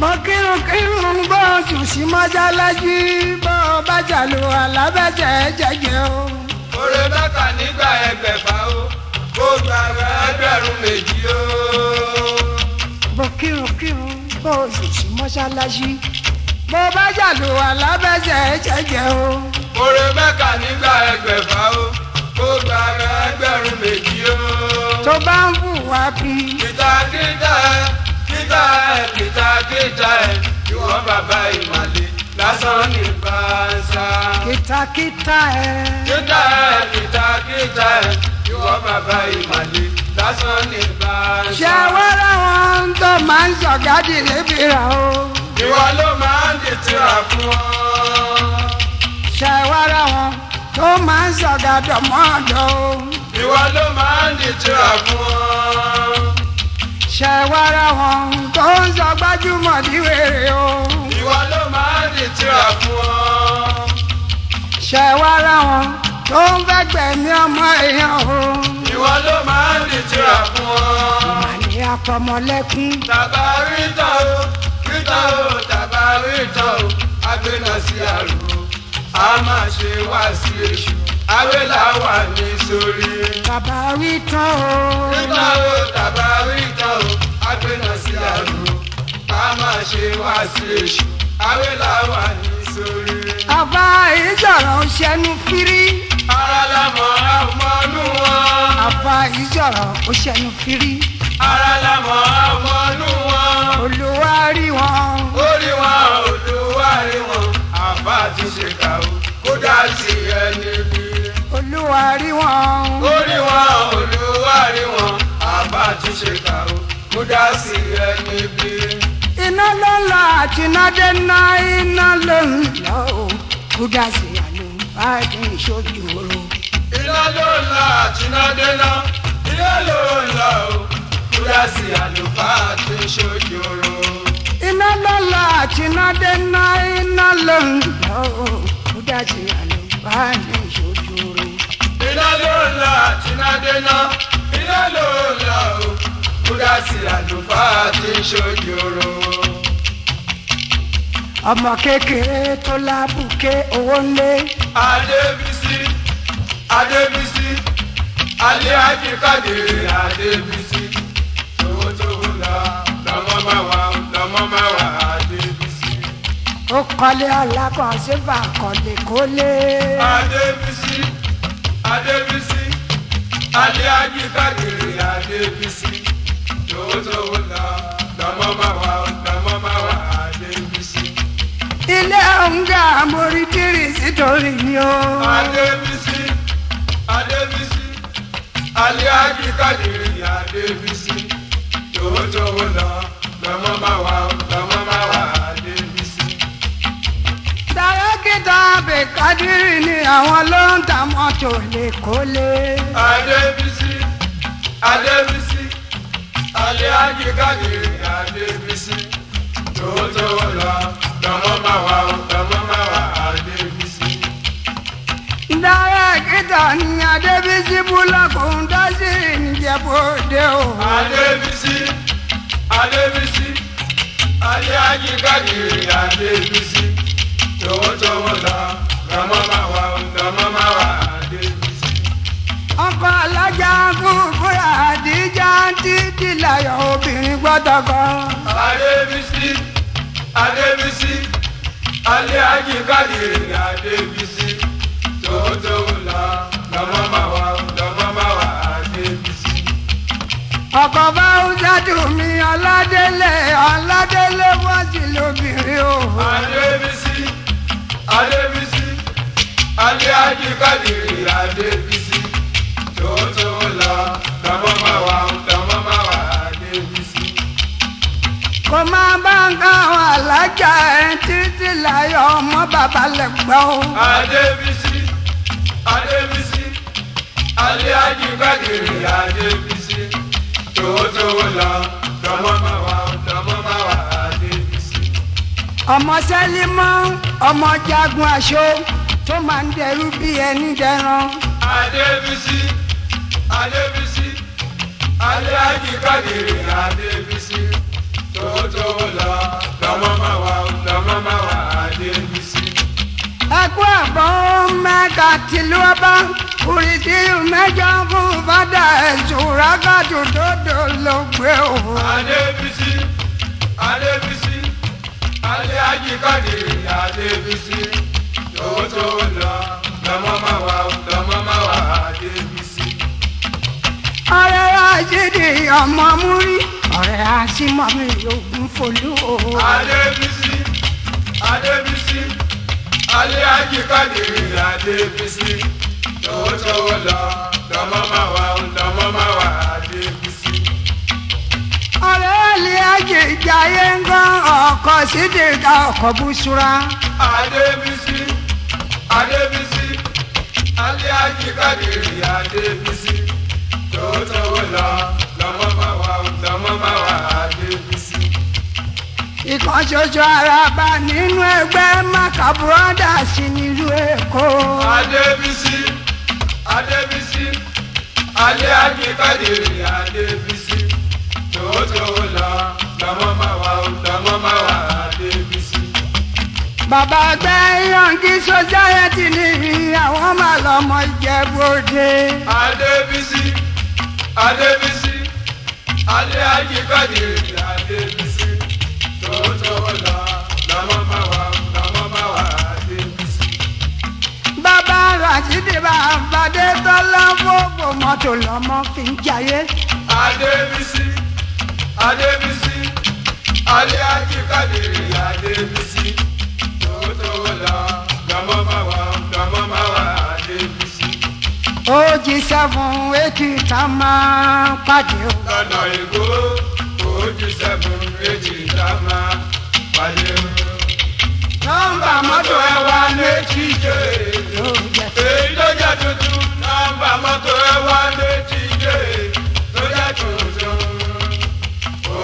mo kírun kírun bó sùn sí mọ́jálájí bó bàjá lu alábẹ́jẹ́ jẹ́jẹ́ o. oore bẹ́ẹ̀ka nígbà ẹgbẹ̀fà o kó gba ẹgbẹ̀rún méjì o. mo kírun kírun bó sùn sí mọ́jálájí bó bàjá lu alábẹ́jẹ́ jẹ́jẹ́ o. oore bẹ́ẹ̀ka nígbà ẹgbẹ̀fà o kó gba ẹgbẹ̀rún méjì o. tó bá ń wù wá bí ẹ̀ kìtàkìtà ẹ̀ ìwọ bàbá ìmàlè lásán ní pàṣà. kìtàkìtà ẹ̀. kìtà ẹ̀ kìtàkìtà ẹ̀ ìwọ bàbá ìmàlè lásán ní pàṣà. ṣé wẹ́rẹ́ wọn tó máa ń sọ̀gádì níbi rà o. ìwọ ló máa ń dìtìrà fún ọ. ṣé wẹ́rẹ́ wọn tó máa ń sọ̀gádì ọmọ ọ̀dọ́ o. ìwọ ló máa ń dìtìrà fún ọ ṣẹ̀wárà wọn tó ń sọ gbajúmọ̀ níwèrè o. ìwọ ló máa ń dìtìrà fún ọ. ṣẹ̀wárà wọn tó ń fẹ́ gbẹ̀mí ọmọ èèyàn o. ìwọ ló máa ń dìtìrà fún ọ. ìmàlẹ́ apọmọlẹ́kún. tàbá rí tọ́ o rí tọ́ o tàbá rí tọ́ o agbẹ́nà sí àrùn a máa ṣe wá sí èṣù awé làwà ní sórí. tàbá wí tán o. nígbà wo tàbá wí tán o agbéná sí àrùn ká máa ṣe wá sí èṣù awé làwà ní sórí. àbá ìjọ̀rọ̀ ń ṣẹnu fírí. ara la mọ̀ ọmọnú wọn. àbá ìjọ̀rọ̀ ń ṣẹnu fírí. ara la mọ̀ ọmọnú wọn. olúwa rí wọn. ó rí wọn olúwa rí wọn àbá ti ṣe kàwé kódà sí ẹni bí olúwa rí wọn. ó rí wọn olúwa rí wọn àbá àtúnṣe kà ó mú dá sí ẹni bí. iná ló ń lọ àti iná dé ná iná ló ń lọ ó kú sí àlù báyìí ìṣojú oorun. iná ló ń lọ àti iná dé ná iná ló ń lọ ó kú sí àlù báyìí ìṣojú oorun. iná ló ń lọ àti iná dé ná iná ló ń lọ ó kú sí àlù báyìí ìṣojú oorun iná ló ń la tìǹadéná iná ló ń la o kúdà sí àlùfáà tí ń ṣojú oró. ọmọ kékeré tó lábùké owó ńlé. adébísí adébísí alihaji kadiri adébísí tòwótòwó la lọmọ bá wà lọmọ bá wà adébísí. ó kọ́lé alákọ̀ọ́sí bá kọ́lé kólé. adébísí. Adébísí adé ají káàkiri Adébísí tòótòó la lọ́mọ́ máa wà lọ́mọ́ máa wà Adébísí. ilé ọ̀ǹgà mórí kiri sítorí ni ó. Adébísí Adébísí adé ají káàkiri Adébísí tòótòó la lọ́mọ́ máa wà lọ́mọ́. Abdulkadir Kadiri ni àwọn ló ń ta mọ́tò lẹ́kọ́lé. Adébísí Adébísí Alhaji Kadiri Adébísí tòótọ́ lọ lọ́mọ́ bá wa lọ́mọ́ bá wa Adébísí. Dárẹ́kítà ni Adébísí búlọ́kù ń dá sí ìjẹ́bọ̀dé o. Adébísí Adébísí Alhaji Kadiri Adébísí tòótọ́ lọ ọkọ alájà fúnfún àdíjà títí láyọ̀ obìnrin gbọ́dọ̀ kan. adébísí adébísí alẹ́ ajé kádìrì adébísí tòótọ́ la lọ́mọ máa wà lọ́mọ máa wà adébísí. ọkọ bá húṣàdù mi ọládélé ọládélé wọ́n sì lóbìnrin o. adébísí adébísí alẹ́ àjùkọ́dì rírà dé bísí tòótọ́ lọ tọmọ má wà tọmọ má wà dé bísí. kò máa bá nǹkan àwọn alájà ẹ títí láyọ̀ ọmọ bàbá lè gbọ́. adébísí adébísí alẹ́ àjùkọ́dì rírà dé bísí tòótọ́ lọ tọmọ má wà tọmọ má wà dé bísí. ọmọ sẹ́límọ́ ọmọ jagun aṣọ tó máa ń dẹrú bí ẹni dẹran. adébísí adébísí aláàjì kádìrì adébísí tòótọ́ lọ lọ́mọ máa wà lọ́mọ máa wà adébísí. ẹkú àbọ̀ mẹ́ta tìlú ọba kùrìdìrì mẹ́jọ fún fada ẹ̀sùn rákàtú tó dò ló gbé òun. adébísí adébísí aláàjì kádìrì adébísí owó tó lọ lọmọ má wà lọmọ má wà àdé mi sí. ọ̀rẹ́ ajéde ọmọ múrí ọ̀rẹ́ àṣìmọ́mi ogun folú o. adébísí adébísí alẹ́ ajíkàdé adébísí tòwó tòwó lọ lọmọ má wà wa, má wà adébísí. ọ̀rẹ́ alẹ́ ajé ìjà yẹn ń gan ọkọ̀ sídìí ká ọkọ̀ búṣura. adébísí adébísí aliaji kadiri adébísí tòótọ́wó lọ lọ́mọ máa wà lọ́mọ máa wà adébísí. ìkan ṣoṣo araba nínú ẹgbẹ́ maka brothers nílùú èkó. adébísí adébísí aliaji kadiri adébísí. bàbá ọgbẹ́ yọ̀ǹgí sọ́jáyẹ́tì ní àwọn máa lọ́mọ ìjẹ́bọ̀dé. adébísí adébísí alẹ́ ayé káde adébísí tòótọ́ ọ̀la làwọn máa wà làwọn máa wà adébísí. bàbá rashidi bàbá dé tọ́lá gbogbo mọ́tò lọ́mọ fi ń jayé. adébísí adébísí alẹ́ ayé adébísí. ojì seven eighty tá máa pàdé o. lọ́nà ìgò ojì seven eighty tá máa pàdé o. nọ́mbà mọ́tò ẹ wá létí jẹ́ èyí tó jẹ́ tuntun nọ́mbà mọ́tò ẹ wá létí jẹ́ tó jẹ́ tuntun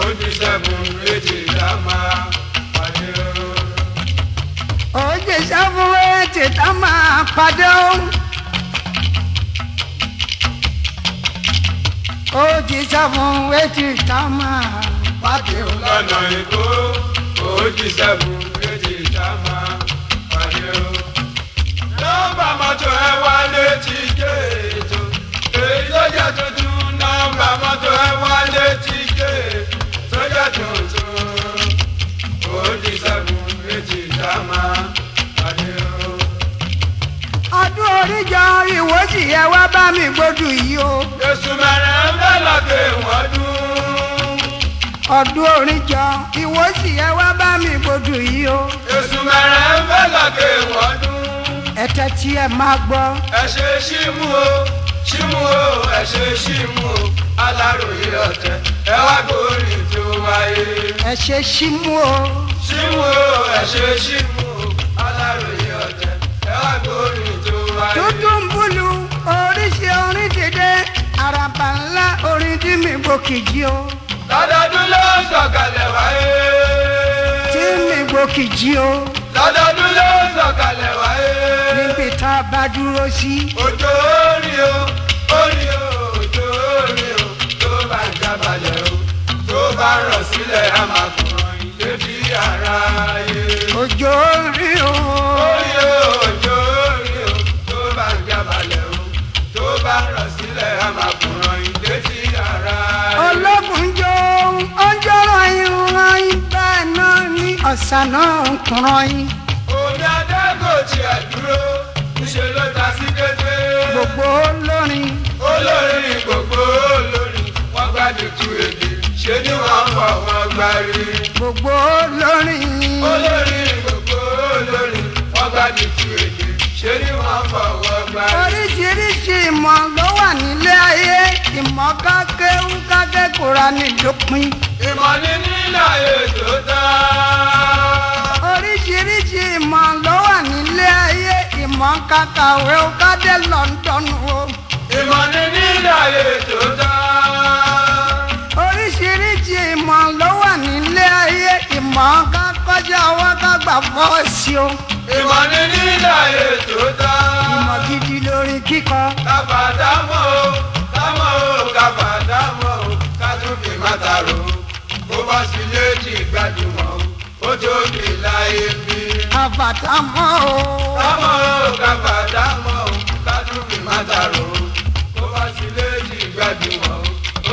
ojì seven eighty máa pàdé o. ojì seven eighty máa pàdé o. ó jíṣẹ́ fún wéjì tá máa pàdé o. lọ́nà èkó ó jíṣẹ́ fún wéjì pàdé o. nọ́mbà mọ́tò ẹ wálé ti gé ètò èyí tó jẹ́ tuntun nọ́mbà mọ́tò ẹ wálé ti gé tó jẹ́ tuntun ó jíṣẹ́ fún wéjì tá máa pàdé o. ọdún oríjọ ìwọ́jì ẹ wá bá mi gbódù yìí o. lóṣù mẹ́rẹ́ wọ́n dún. ọdún oríjọ ìwọ sì ẹ wá bá mi gbódù yìí o. èṣù mẹ́rẹ̀ ń bẹ́ lọ́kẹ́ wọ́n dún. ẹ̀tẹ̀ tí ẹ máa gbọ́. ẹ ṣe ṣímú o ṣímú o ẹ ṣe ṣímú o aláròye ọ̀tẹ̀ ẹ wá gbórí tó wáyé. ẹ ṣe ṣímú o. ṣímú o ẹ ṣe ṣímú o. kìjì o. lọ́dọọdún ló ń sọ̀kalẹ̀ wáyé. tí mi gbó kìjì o. lọ́dọọdún ló ń sọ̀kalẹ̀ wáyé. níbi tá a bá dúró sí. òjò orí o orí o òjò orí o tó bá ń jábalẹ̀ o tó bá rọ̀ sílẹ̀ a máa kàn ilé bí ara yé. òjò orí o. orí o. ṣáná nkùnrán yín. omi adágòjì àdúró níṣẹ́ ló ta sí kété. gbogbo olórin. olórin gbogbo olórin wọ́n gbádùn tu èdè ṣé ni wọ́n fọ wọn gbárí. gbogbo olórin. olórin gbogbo olórin wọ́n gbádùn tu èdè ṣé ni wọ́n fọ wọn gbárí. oríṣiríṣi ìmọ̀ ló wà nílé ayé ìmọ̀ kákéwú kákékòrá ni lópin. ìmọ̀ ni nílẹ̀ ayé. ká kàwé ká dé London o. ìmọ̀ ni nílẹ̀ ayé tó dá. oríṣiríṣi ìmọ̀ ló wà nílé ayé ìmọ̀ ká kọjá wa ká gbà fọ́ọ̀sì o. ìmọ̀ ni nílẹ̀ ayé tó dá. ìmọ̀ gidi lórí kíkọ. kábàdá mọ́ o dámọ́ o kábàdá mọ́ o ká tún fi má ta ro bó bá sì lé ti gbajúmọ̀ o ó tó fi láyé mi bàtà mọ́ o. támọ́ ò ká bàtà mọ́ o kádùnmí má dàrú o kó bá sí léjì gbajúmọ̀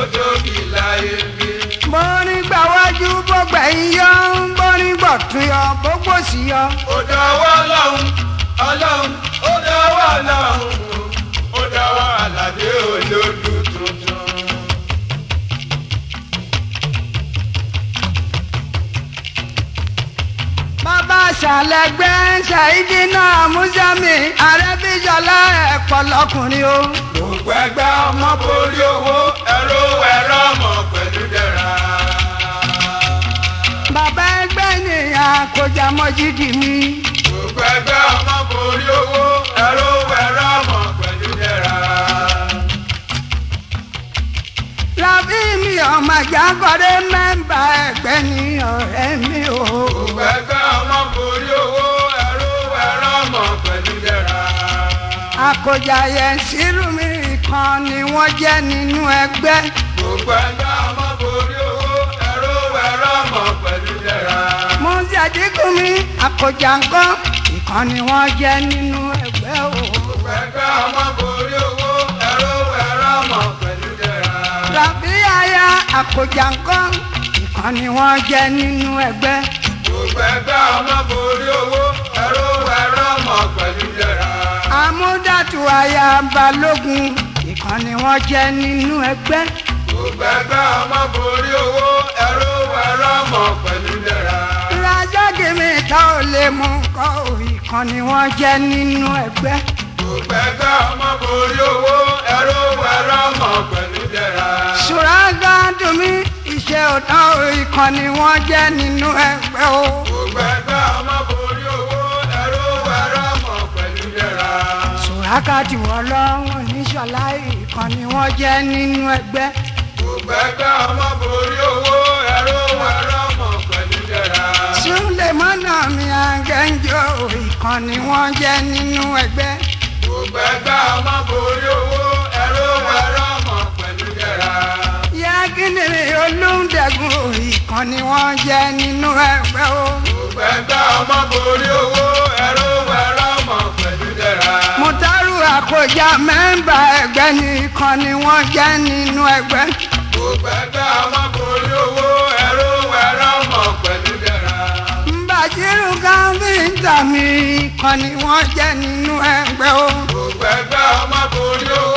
o ó jókì láyé mi. mo ní gbàwájú bó gbẹ̀yìn yọ ń bó ní gbọ̀tún yọ bó gbòsì yọ. ó dọwọ́ ọlọ́run ọlọ́run ó dọwọ́ ọlọ́run. ṣàlẹ̀gbẹ́ ṣàìdínà mùsàmì àrẹ́bíṣọlá ẹ̀pọ̀ lọkùnrin o. gbogbo ẹgbẹ́ ọmọ borí owó ẹ̀rọ ẹ̀rọ ọmọ pẹ̀lú dẹ̀ra. bàbá ẹgbẹ́ nìyàn kò jà mọ́ jídì mi. gbogbo ẹgbẹ́ ọmọ borí owó ẹ̀rọ ẹ̀rọ ọmọ pẹ̀lú dẹ̀ra. rabi mi ọmọ àjàgọ́rẹ́ mẹ́mbà ẹgbẹ́ ni ọ̀rẹ́ mi o. gbogbo ẹgbẹ́ àkọjàyẹ sírùmí kan ni wọ́n jẹ́ nínú ẹgbẹ́. gbogbo ẹgbẹ́ ọmọ borí owó ẹ̀rọ ẹ̀rọ ọmọ pẹ̀lú jẹra. mọ́sí àdínkùnmí àkọjà ńkọ́ ìkan ni wọ́n jẹ́ nínú ẹgbẹ́ o. gbogbo ẹgbẹ́ ọmọ borí owó ẹ̀rọ ẹ̀rọ ọmọ pẹ̀lú jẹra. tàbí aya àkọjà ńkọ́ ìkan ni wọ́n jẹ́ nínú ẹgbẹ́. gbogbo ẹgbẹ́ ọmọ borí owó ẹ̀rọ ẹ̀rọ ọmọ pẹ̀lú jẹra amúdàtú aya balógun ìkan ni wọ́n jẹ́ nínú ẹgbẹ́. gbogbo ẹgbẹ́ ọmọ borí owó ẹrú ẹrọ ọmọ pẹ̀lú dẹ̀ra. rájọ́gì mi ta ò lè mú kọ́ ìkan ni wọ́n jẹ́ nínú ẹgbẹ́. gbogbo ẹgbẹ́ ọmọ borí owó ẹrú ẹrọ ọmọ pẹ̀lú dẹ̀ra. ṣùrọ̀ gbádùn mi iṣẹ́ ọ̀tá ìkan ni wọ́n jẹ́ nínú ẹgbẹ́ o. gbogbo ẹgbẹ́ ọmọ. wákàtí wọn lọ́rùn níṣọ̀láì kan ni wọ́n jẹ́ nínú ẹgbẹ́. gbogbo ẹgbẹ́ ọmọ borí owó ẹ̀rọ wọn rọ́mọ pẹ̀lú jẹ̀rà. súlẹ̀mọ́nà mi àgẹ́njọ́ ìkan ni wọ́n jẹ́ nínú ẹgbẹ́. gbogbo ẹgbẹ́ ọmọ borí owó ẹ̀rọ wọn rọ́mọ pẹ̀lú jẹ̀rà. yagínlẹ̀ olóńdẹ̀gùn ìkan ni wọ́n jẹ́ nínú ẹgbẹ́ o. gbogbo ẹgbẹ́ ọmọ borí owó ẹ̀rọ wọn rọ́mọ pẹ̀lú jẹ̀rà àwa kò já mẹ́ńbà ẹgbẹ́ nìkan ni wọ́n jẹ́ nínú ẹgbẹ́. kò gbẹgbẹ́ àwọn kò lówó ẹ̀rọ ẹ̀rọ mọ̀ pẹ̀lú dẹ̀ra. Bàjírù gáfíńtà mi kan ni wọ́n jẹ́ nínú ẹgbẹ́ o. kò gbẹgbẹ́ àwọn kò lówó.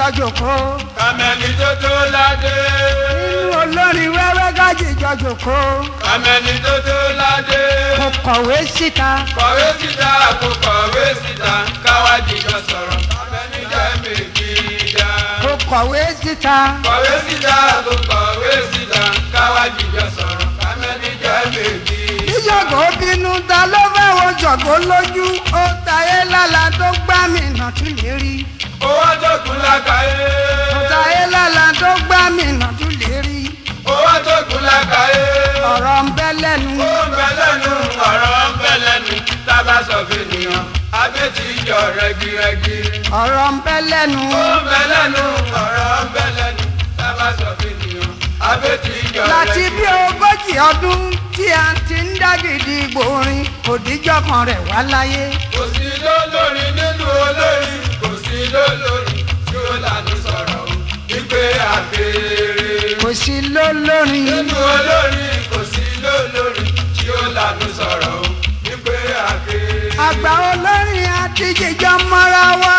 jọjòkó. kàmẹ́ni tó tó ládé. inú olórin wẹ́wẹ́ gájì jọjòkó. kàmẹ́ni tó tó ládé. kò kọ̀wé síta. kọ̀wé síta kò kọ̀wé síta káwá jìjọ sọ̀rọ̀ kàmẹ́ni jẹ́ méjì dá. kò kọ̀wé síta. kọ̀wé síta kò kọ̀wé síta káwá jìjọ sọ̀rọ̀ kàmẹ́ni jẹ́ méjì dá. bíjọ̀gọ̀ ta ló fẹ́ wo jọ̀gọ̀ lójú ó tayé lálá tó gbá mi nà tún lè rí owó tó kù lákàyè. ọ̀tá elala tó gbá mi nà tún lè rí. owó tó kù lákàyè. ọ̀rọ̀ ń bẹ lẹ́nu. ó ń bẹ lẹ́nu ọ̀rọ̀ ń bẹ lẹ́nu tábà sọ fènìyàn abẹ́tí ìjọ rẹ́gírẹ́gí. ọ̀rọ̀ ń bẹ lẹ́nu. ó ń bẹ lẹ́nu ọ̀rọ̀ ń bẹ lẹ́nu tábà sọ fènìyàn abẹ́tí ìjọ rẹ́gírẹ́gí. láti bí ogójì ọdún tí a ti ń dá gidi gbòòrin kò díjọ́ kan rẹ̀ wá láyé. kò sí ló lórí tó lànà sọ̀rọ̀ o wípé àgbèrè. kò sí ló lórí. nínú olórí kò sí ló lórí tí ó lànà sọ̀rọ̀ o wípé àgbèrè. àgbà olórin àti jíjọ mọ́ra wa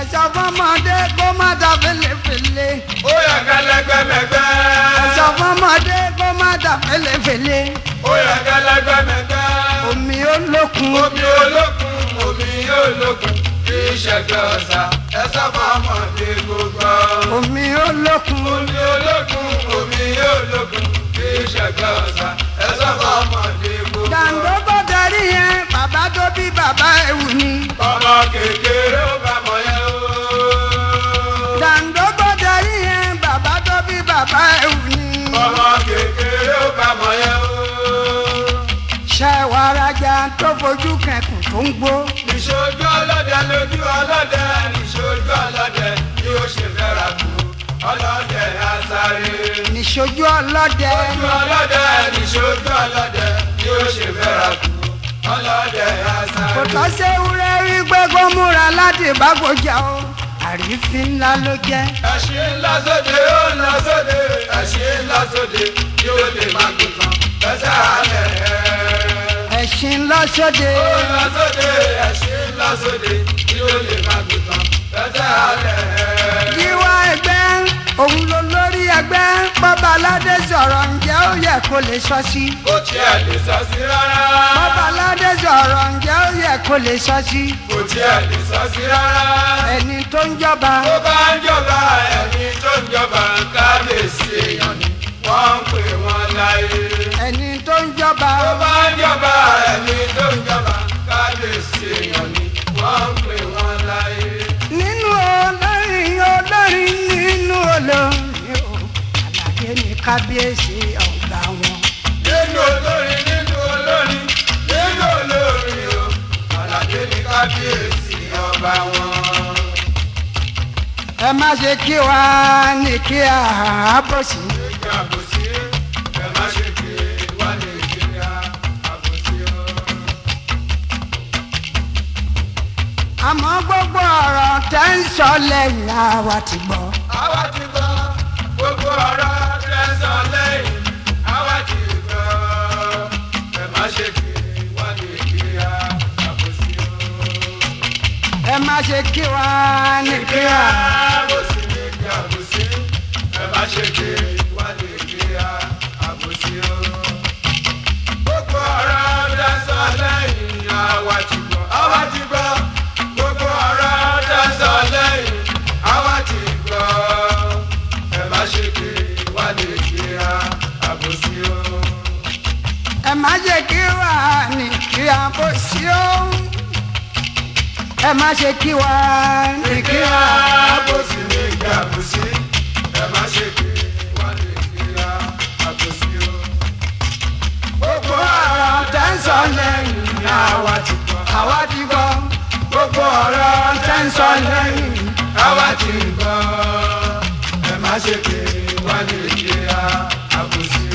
ẹ̀sọ́ fọmọdé kó má da fèlèfèlè. ó yà gẹlẹgbẹmẹgbẹ. ẹ̀sọ́ fọmọdé kó má da fèlèfèlè. ó yà gẹlẹgbẹmẹgbẹ. omi olókun. omi olókun omi olókun kì í ṣẹgbẹ́ ọ̀sà àmọ̀dé gbogbo. omi olókun. omi olókun omi olókun kì í ṣẹ̀gbẹ́ ọ̀sà ẹ sọ́kọ̀ àmọ̀dé gbogbo. dàńdó bó darí yẹn bàbá tó bí bàbá ewu ni. bàbá kékeré ó bá mọ̀ yẹn o. dàńdó bó darí yẹn bàbá tó bí bàbá ewu ni. bàbá kékeré ó bá mọ̀ yẹn o ṣe rajà tó fojú kẹkùn tó ń gbó. ìṣojú ọlọ́dẹ lójú ọlọ́dẹ ọlọ́dẹ asáré. nìṣojú ọlọ́dẹ. ojú ọlọ́dẹ nìṣojú ọlọ́dẹ ni ó ṣe fẹ́ra kù ọlọ́dẹ asáré. kò tọ́ ṣe wúrẹ́ rí gbégbó múra láti bá gbòjà o àrífín ńlá ló jẹ́. ẹṣin ńlá sóde ó ńlá sóde ẹṣin ńlá sóde yóò lè máa gùn tán fẹsẹ̀ alẹ́. ẹṣin ńlá sóde. ó ńlá sóde ẹṣin ńlá sóde yóò lè máa gùn tán fẹsẹ̀ alẹ́ òun ló lórí ẹgbẹ́ bọ́ba aládé sọ̀rọ̀ ǹjẹ́ ó yẹ kó lè sọ sí. kò tiẹ̀ lè sọ sí rárá. bọ́ba aládé sọ̀rọ̀ ǹjẹ́ ó yẹ kó lè sọ sí. kò tiẹ̀ lè sọ rárá. ẹni tó ń jọba. tó bá ń jọba ẹni tó ń jọba kábíyèsí èèyàn ni wọ́n ń pè wọ́n láyé. ẹni tó ń jọba. tó bá ń jọba ẹni kábíyèsí ọgbà wọn. nínú olórin nínú olórin nínú olórin o àlàdé ni kábíyèsí ọba wọn. ẹ má ṣe kí wá ní kí àbòsí. kí àbòsí ẹ má àmọ́ gbogbo ọ̀rọ̀ tẹ́ ń sọ lẹ́yìn àwa ti gbọ́. àwa ti gbọ́ gbogbo ọ̀rọ̀. ṣe kí wa ní kí a. àbòsí ní kí àbòsí ẹ bá ṣe kí wá ní kí a àbòsí o. gbogbo ọ̀rọ̀ dáṣọ lẹ́yìn àwa ti gbọ́ àwa ti gbọ́. gbogbo ọ̀rọ̀ dáṣọ lẹ́yìn àwa ti gbọ́. ẹ bá ṣe kí wá ní kí a àbòsí o. ẹ má ṣe kí wá ní kí àbòsí o ẹ má ṣe kí wa. ní kí wa àbòsí ní ìgbà àbòsí ẹ má ṣe kí wa ní kí wa àbòsí o. gbogbo ọ̀rọ̀ tẹ́ńsọ̀ lẹ́yìn àwa ti gbọ́ àwa ti gbọ́ gbogbo ọ̀rọ̀ tẹ́ńsọ̀ lẹ́yìn àwa ti gbọ́ ẹ má ṣe kí wa ní kí wa àbòsí.